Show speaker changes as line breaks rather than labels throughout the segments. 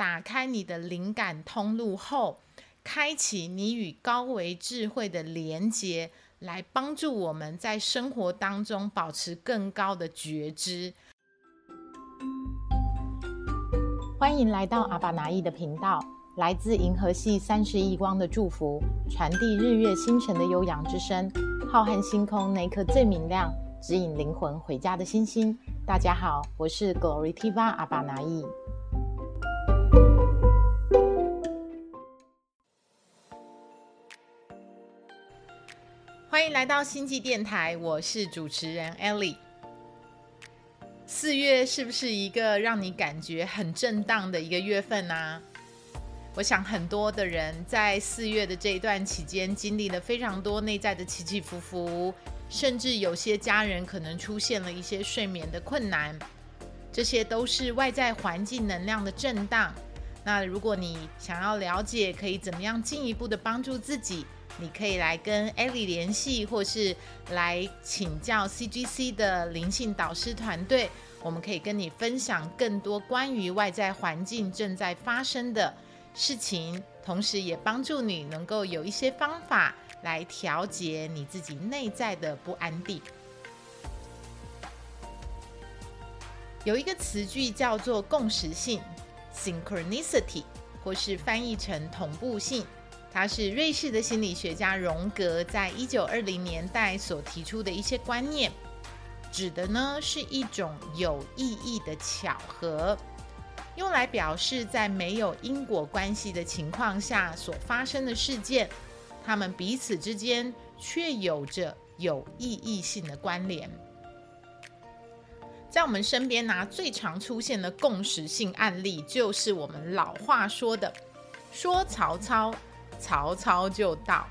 打開你的靈感通路後，開啟你與高維智慧的連接，來幫助我們在生活當中保持更高的覺知。歡迎來到阿巴拿伊的頻道，來自銀河系三十億光的祝福，傳遞日月星辰的悠揚之聲。浩瀚星空那顆最明亮、指引靈魂回家的星星。大家好，我是 Glorytiva 阿巴拿伊。歡迎來到星際電台，我是主持人 Ellie。四月是不是一個讓你感覺很震盪的一個月份呢、啊？我想很多的人在四月的這一段期間，經歷了非常多內在的起起伏伏，甚至有些家人可能出現了一些睡眠的困難，這些都是外在環境能量的震盪。那如果你想要了解，可以怎麼樣進一步的幫助自己？你可以來跟 Ellie 聯繫，或是來請教 CGC 的靈性導師團隊。我們可以跟你分享更多關於外在環境正在發生的事情，同時也幫助你能夠有一些方法來調節你自己內在的不安定。有一個詞句叫做共時性 （synchronicity），或是翻譯成同步性。它是瑞士的心理學家榮格在一九二零年代所提出的一些觀念，指的呢是一種有意義的巧合，用來表示在沒有因果關係的情況下所發生的事件，他們彼此之間卻有着有意義性的關聯。在我們身邊拿、啊、最常出現的共時性案例，就是我們老話說的，說曹操。曹操就到，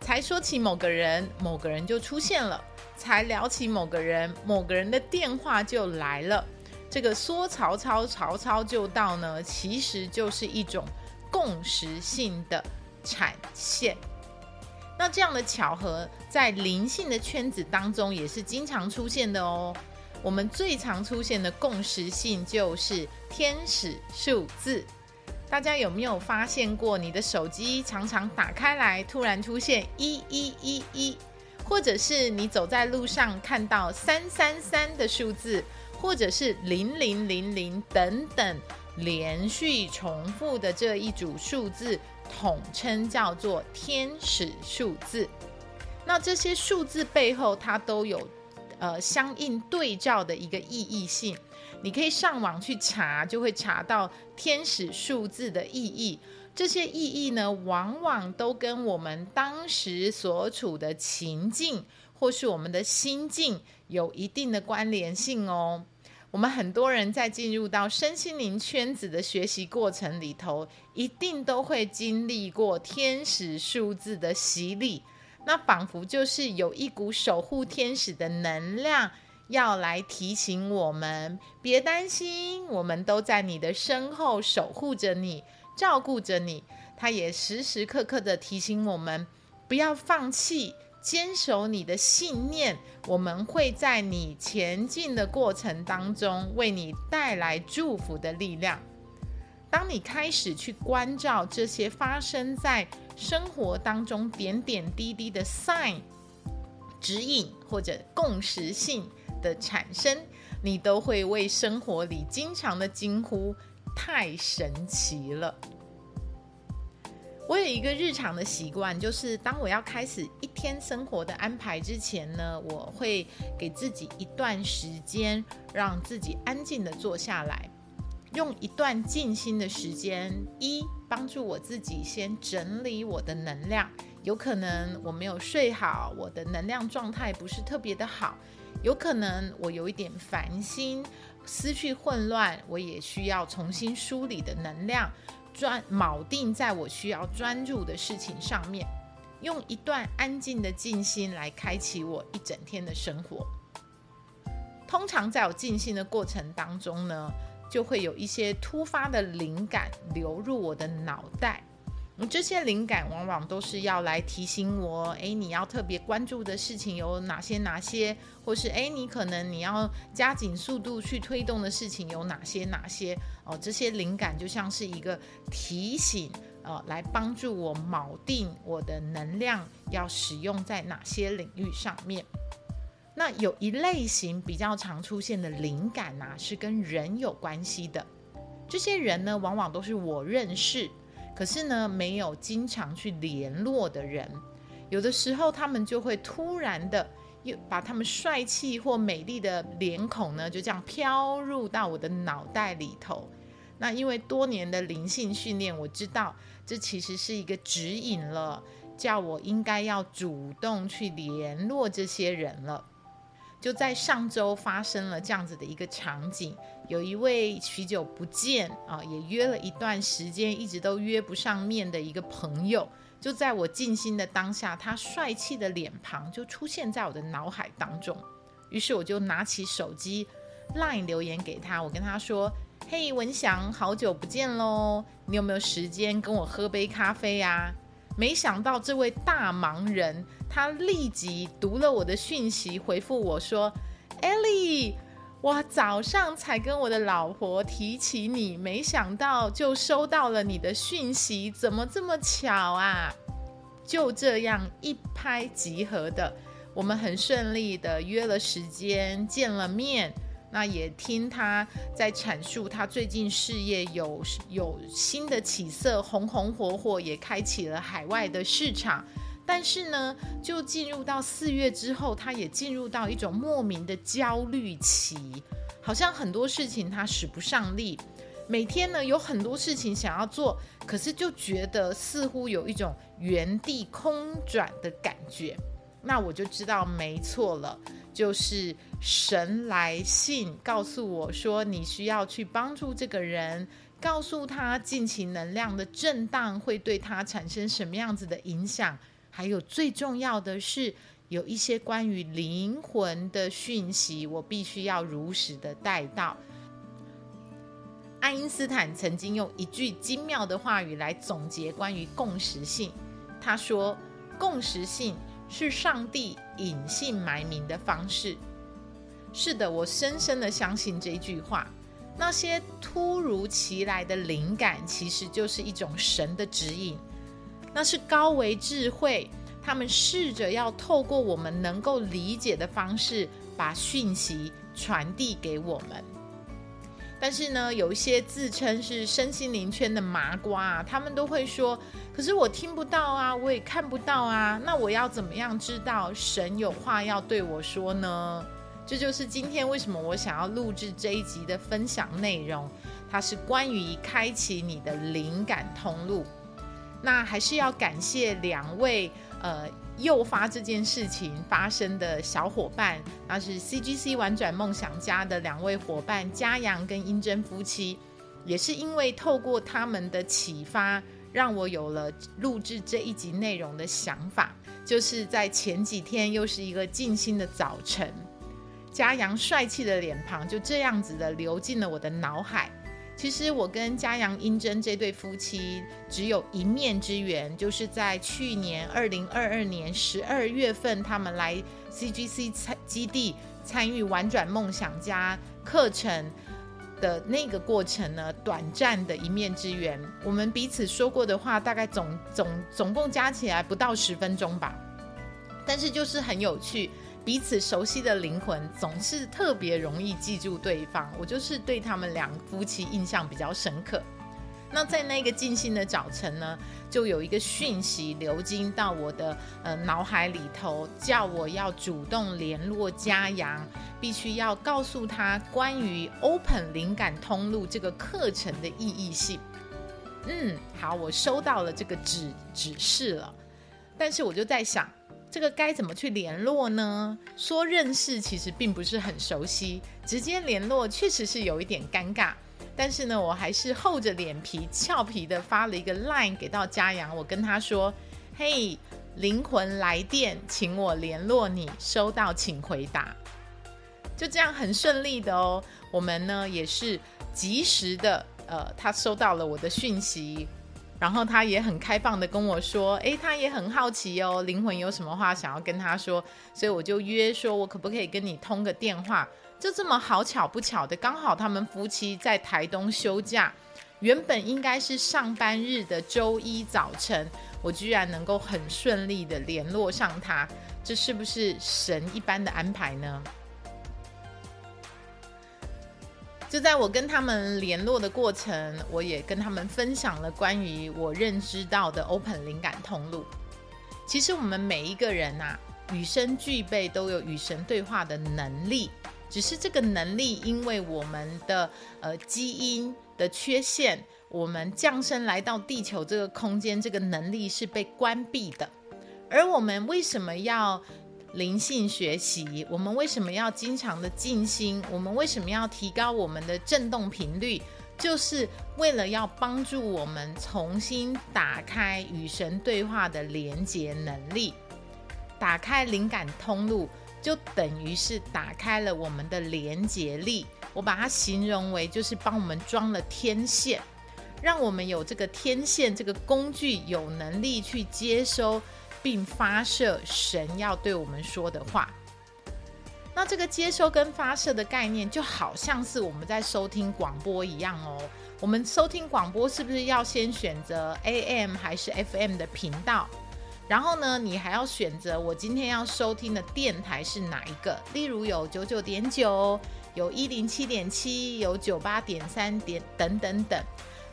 才說起某個人，某個人就出現了；才聊起某個人，某個人的電話就來了。這個說曹操，曹操就到呢，其實就是一種共時性的呈現。那這樣的巧合，在靈性的圈子當中也是經常出現的哦。我們最常出現的共時性就是天使數字。大家有沒有發現過，你的手機常常打開來突然出現一一一一，或者是你走在路上看到三三三的數字，或者是零零零零等等連續重複的這一組數字，統稱叫做天使數字。那這些數字背後，它都有呃相應對照的一個意義性。你可以上網去查，就會查到天使數字的意義。這些意義呢，往往都跟我們當時所處的情境，或是我們的心境有一定的關聯性哦。我們很多人在進入到身心靈圈子的學習過程裡頭，一定都會經歷過天使數字的洗禮。那仿佛就是有一股守護天使的能量。要來提醒我們，別擔心，我們都在你的身後守護着你，照顧着你。他也時時刻刻的提醒我們，不要放棄，堅守你的信念。我們會在你前進的過程當中，為你帶來祝福的力量。當你開始去關照這些發生在生活當中點點滴滴的 sign 指引或者共時性，的產生，你都會為生活裡經常的驚呼，太神奇了。我有一個日常的習慣，就是當我要開始一天生活的安排之前呢，我會給自己一段時間，讓自己安靜的坐下來，用一段靜心的時間，一幫助我自己先整理我的能量。有可能我沒有睡好，我的能量狀態不是特別的好。有可能我有一點煩心，思緒混亂，我也需要重新梳理的能量，專，錨定在我需要專注的事情上面，用一段安靜的靜心來開啟我一整天的生活。通常在我靜心的過程當中呢，就會有一些突發的靈感流入我的腦袋。這些靈感往往都是要來提醒我，誒，你要特別關注的事情有哪些？哪些，或是誒，你可能你要加緊速度去推動的事情有哪些？哪些？哦，這些靈感就像是一個提醒，呃，來幫助我錨定我的能量要使用在哪些領域上面。那有一類型比較常出現的靈感呢、啊，是跟人有關係的。這些人呢，往往都是我認識。可是呢，沒有經常去聯絡的人，有的時候他們就會突然的，又把他們帥氣或美麗的臉孔呢，就這樣飄入到我的腦袋裡頭。那因為多年的靈性訓練，我知道這其實是一個指引了，叫我應該要主動去聯絡這些人了。就在上周發生了這樣子的一個場景。有一位許久不見啊，也約了一段時間，一直都約不上面的一個朋友，就在我靜心的當下，他帥氣的臉龐就出現在我的腦海當中。於是我就拿起手機 Line 留言給他，我跟他說：“嘿，文祥，好久不見嘍，你有沒有時間跟我喝杯咖啡呀？”沒想到這位大忙人，他立即讀了我的訊息，回復我說：“Ellie。”我早上才跟我的老婆提起你，沒想到就收到了你的訊息，怎麼這麼巧啊？就這樣一拍即合的，我們很順利的約了時間見了面，那也聽他在闡述他最近事業有有新的起色，紅紅火火，也開啟了海外的市場。但是呢，就進入到四月之後，他也進入到一種莫名的焦慮期，好像很多事情他使不上力，每天呢有很多事情想要做，可是就覺得似乎有一種原地空轉的感覺。那我就知道沒錯了，就是神來信告訴我說，你需要去幫助這個人，告訴他近期能量的震盪會對他產生什麼樣子的影響。還有最重要的是，有一些關於靈魂的訊息，我必須要如實的帶到。愛因斯坦曾經用一句精妙的話語來總結關於共時性，他說：“共時性是上帝隱姓埋名的方式。”是的，我深深的相信這句話。那些突如其來的靈感，其實就是一種神的指引。那是高維智慧，他們試着要透過我們能夠理解的方式，把訊息傳遞給我們。但是呢，有一些自稱是身心靈圈的麻瓜啊，他們都會說：“可是我聽不到啊，我也看不到啊，那我要怎麼樣知道神有話要對我說呢？”這就是今天為什麼我想要錄製這一集的分享內容，它是關於開啟你的靈感通路。那還是要感謝兩位，呃，誘發這件事情發生的小夥伴，那是 CGC 玩轉夢想家的兩位夥伴佳陽跟英真夫妻，也是因為透過他們的啟發，讓我有了錄製這一集內容的想法。就是在前幾天，又是一個靜心的早晨，佳陽帥氣的臉龐就這樣子的流進了我的腦海。其實我跟嘉陽、英珍，這對夫妻只有一面之緣，就是在去年二零二二年十二月份，他們來 CGC 參基地參與“玩轉夢想家”課程的那個過程呢，短暫的一面之緣。我們彼此說過的話，大概總總總共加起來不到十分鐘吧，但是就是很有趣。彼此熟悉的靈魂總是特別容易記住對方。我就是對他們兩夫妻印象比較深刻。那在那個靜心的早晨呢，就有一個訊息流經到我的呃腦海裡頭，叫我要主動聯絡嘉陽，必須要告訴他關於 Open 靈感通路這個課程的意義性。嗯，好，我收到了這個指指示了，但是我就在想。這個該怎麼去聯絡呢？說認識其實並不是很熟悉，直接聯絡確實是有一點尷尬。但是呢，我還是厚着臉皮、俏皮的發了一個 Line 給到嘉陽，我跟他說：“嘿，靈魂來電，請我聯絡你，收到請回答。”就這樣很順利的哦，我們呢也是及時的，呃，他收到了我的訊息。然後他也很開放的跟我說，誒，他也很好奇哦，靈魂有什麼話想要跟他說，所以我就約說，我可不可以跟你通個電話？就這麼好巧不巧的，剛好他們夫妻在台東休假，原本應該是上班日的周一早晨，我居然能夠很順利的聯絡上他，這是不是神一般的安排呢？就在我跟他們聯絡的過程，我也跟他們分享了關於我認知到的 Open 靈感通路。其實我們每一個人吶、啊，與生俱備都有與神對話的能力，只是這個能力因為我們的呃基因的缺陷，我們降生來到地球這個空間，這個能力是被關閉的。而我們為什麼要靈性學習，我們為什麼要經常的靜心？我們為什麼要提高我們的振動頻率？就是為了要幫助我們重新打開與神對話的連接能力，打開靈感通路，就等於是打開了我們的連接力。我把它形容為，就是幫我們裝了天線，讓我們有這個天線這個工具，有能力去接收。並發射神要對我們說的話。那這個接收跟發射的概念，就好像是我們在收聽廣播一樣哦。我們收聽廣播是不是要先選擇 AM 還是 FM 的頻道？然後呢，你還要選擇我今天要收聽的電台是哪一個？例如有九九點九，有一零七點七，有九八點三點等等等。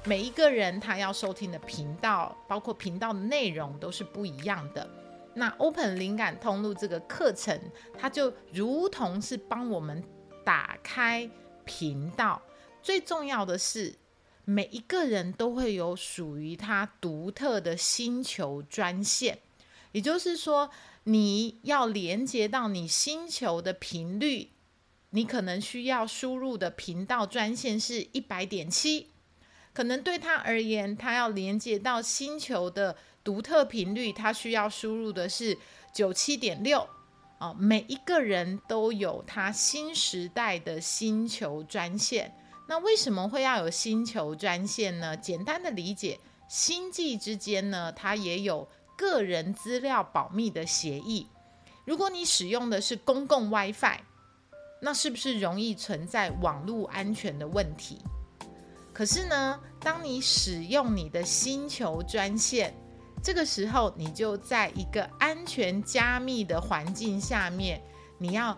每一個人他要收聽的頻道，包括頻道的內容都是不一樣的。那 Open 靈感通路這個課程，它就如同是幫我們打開頻道。最重要的是，每一個人都會有屬於他獨特的星球專線。也就是說，你要連接到你星球的頻率，你可能需要輸入的頻道專線是一百點七。可能對他而言，他要連接到星球的獨特頻率，他需要輸入的是九七點六啊。每一個人都有他新時代的星球專線。那為什麼會要有星球專線呢？簡單的理解，星際之間呢，它也有個人資料保密的協議。如果你使用的是公共 WiFi，那是不是容易存在網絡安全的問題？可是呢，當你使用你的星球專線，這個時候你就在一個安全加密的環境下面，你要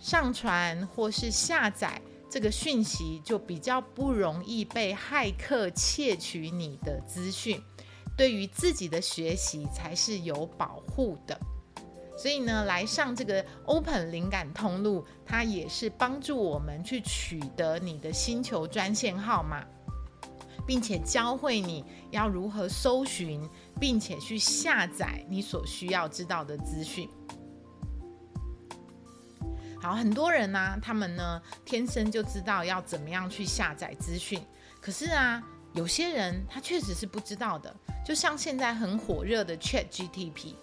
上傳或是下載這個訊息，就比較不容易被駭客竊取你的資訊，對於自己的學習才是有保護的。所以呢，來上這個 Open 靈感通路，它也是幫助我們去取得你的星球專線號碼，並且教會你要如何搜尋，並且去下載你所需要知道的資訊。好，很多人呢、啊，他們呢天生就知道要怎麼樣去下載資訊，可是啊，有些人他確實是不知道的，就像現在很火熱的 Chat GTP。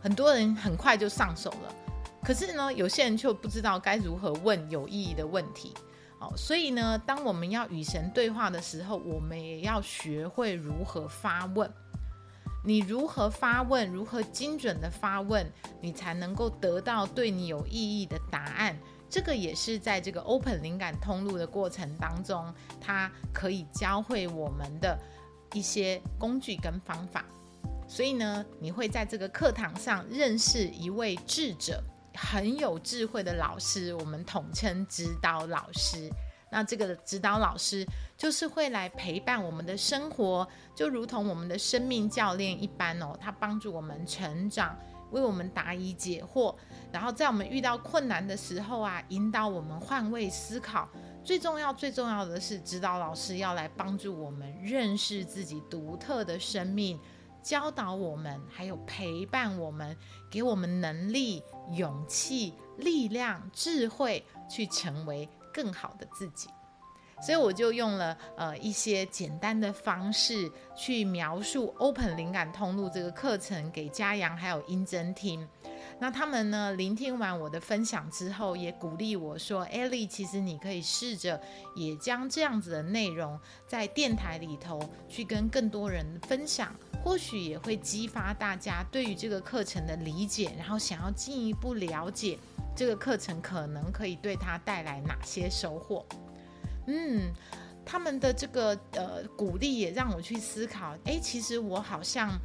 很多人很快就上手了，可是呢，有些人卻不知道該如何問有意義的問題。哦，所以呢，當我們要與神對話的時候，我們也要學會如何發問。你如何發問，如何精準的發問，你才能夠得到對你有意義的答案。這個也是在這個 open 靈感通路的過程當中，它可以教會我們的一些工具跟方法。所以呢，你會在這個課堂上認識一位智者，很有智慧的老師，我們統稱指導老師。那這個指導老師就是會來陪伴我們的生活，就如同我們的生命教練一般哦。他幫助我們成長，為我們答疑解惑，然後在我們遇到困難的時候啊，引導我們換位思考。最重要、最重要的是，指導老師要來幫助我們認識自己獨特的生命。教導我們，還有陪伴我們，給我們能力、勇氣、力量、智慧，去成為更好的自己。所以我就用了呃一些簡單的方式去描述 Open 靈感通路這個課程給嘉陽還有英真聽。那他們呢？聆聽完我的分享之後，也鼓勵我說：“Ellie，其實你可以試着也將這樣子的內容在電台裡頭去跟更多人分享，或許也會激發大家對於這個課程的理解，然後想要進一步了解這個課程可能可以對他帶來哪些收穫。”嗯，他們的這個呃鼓勵也讓我去思考。誒，其實我好像，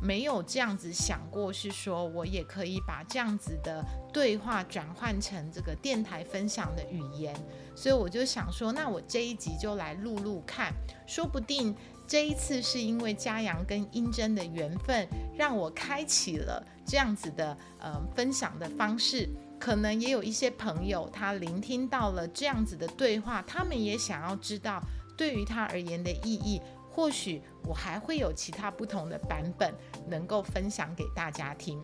沒有這樣子想過，是說我也可以把這樣子的對話轉換成這個電台分享的語言，所以我就想說，那我這一集就來錄錄看，說不定這一次是因為嘉陽跟英貞的緣分，讓我開啟了這樣子的呃分享的方式，可能也有一些朋友他聆聽到了這樣子的對話，他們也想要知道對於他而言的意義。或許我還會有其他不同的版本能夠分享給大家聽。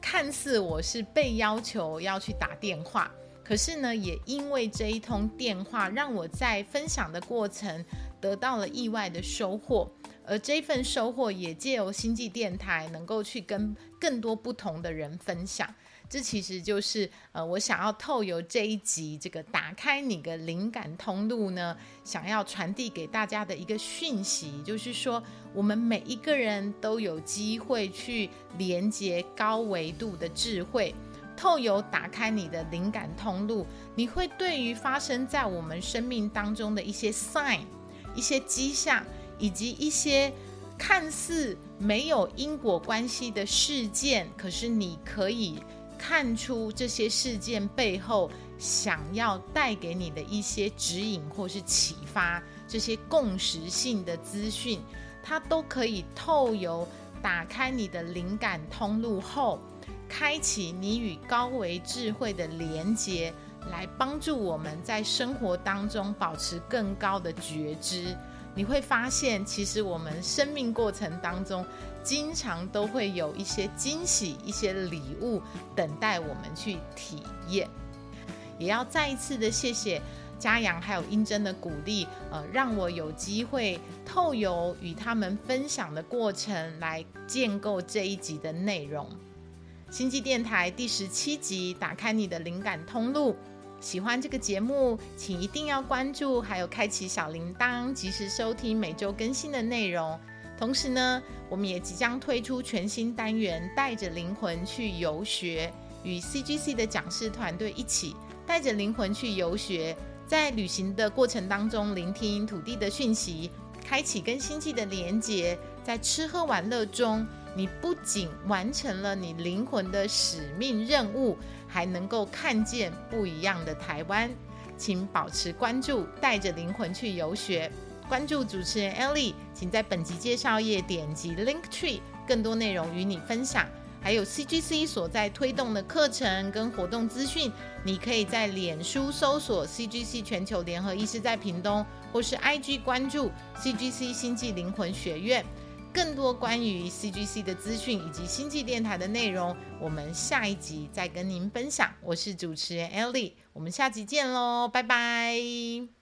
看似我是被要求要去打電話，可是呢，也因為這一通電話，讓我在分享的過程得到了意外的收穫，而這份收穫也借由星際電台能夠去跟更多不同的人分享。這其實就是呃，我想要透由這一集這個打開你的靈感通路呢，想要傳遞給大家的一個訊息，就是說我們每一個人都有機會去連接高維度的智慧，透由打開你的靈感通路，你會對於發生在我們生命當中的一些 sign、一些跡象，以及一些看似沒有因果關係的事件，可是你可以。看出這些事件背後想要帶給你的一些指引，或是啟發；這些共時性的資訊，它都可以透由打開你的靈感通路後，開啟你與高維智慧的連接，來幫助我們在生活當中保持更高的覺知。你會發現，其實我們生命過程當中，經常都會有一些驚喜、一些禮物等待我們去體驗。也要再一次的謝謝嘉陽還有英真的鼓勵，呃，讓我有機會透由與他們分享的過程來建構這一集的內容。星際電台第十七集，打開你的靈感通路。喜歡這個節目，請一定要關注，還有開啟小鈴鐺，及時收聽每周更新的內容。同時呢，我們也即將推出全新單元，帶着靈魂去遊學，與 CGC 的講師團隊一起，帶着靈魂去遊學，在旅行的過程當中，聆聽土地的訊息，開啟跟星際的連接，在吃喝玩樂中。你不僅完成了你靈魂的使命任務，還能夠看見不一樣的台灣。請保持關注，帶着靈魂去遊學。關注主持人 Ellie，請在本集介紹頁點擊 Link Tree，更多內容與你分享。還有 CGC 所在推動的課程跟活動資訊，你可以在臉書搜索 CGC 全球聯合意識在屏東，或是 IG 關注 CGC 星際靈魂學院。更多關於 CGC 的資訊以及星際電台的內容，我們下一集再跟您分享。我是主持人 Ellie，我們下集見嘍，拜拜。